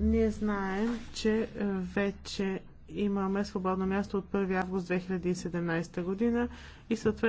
Ние знаем, че е, вече имаме свободно място от 1 август 2017 година и съответно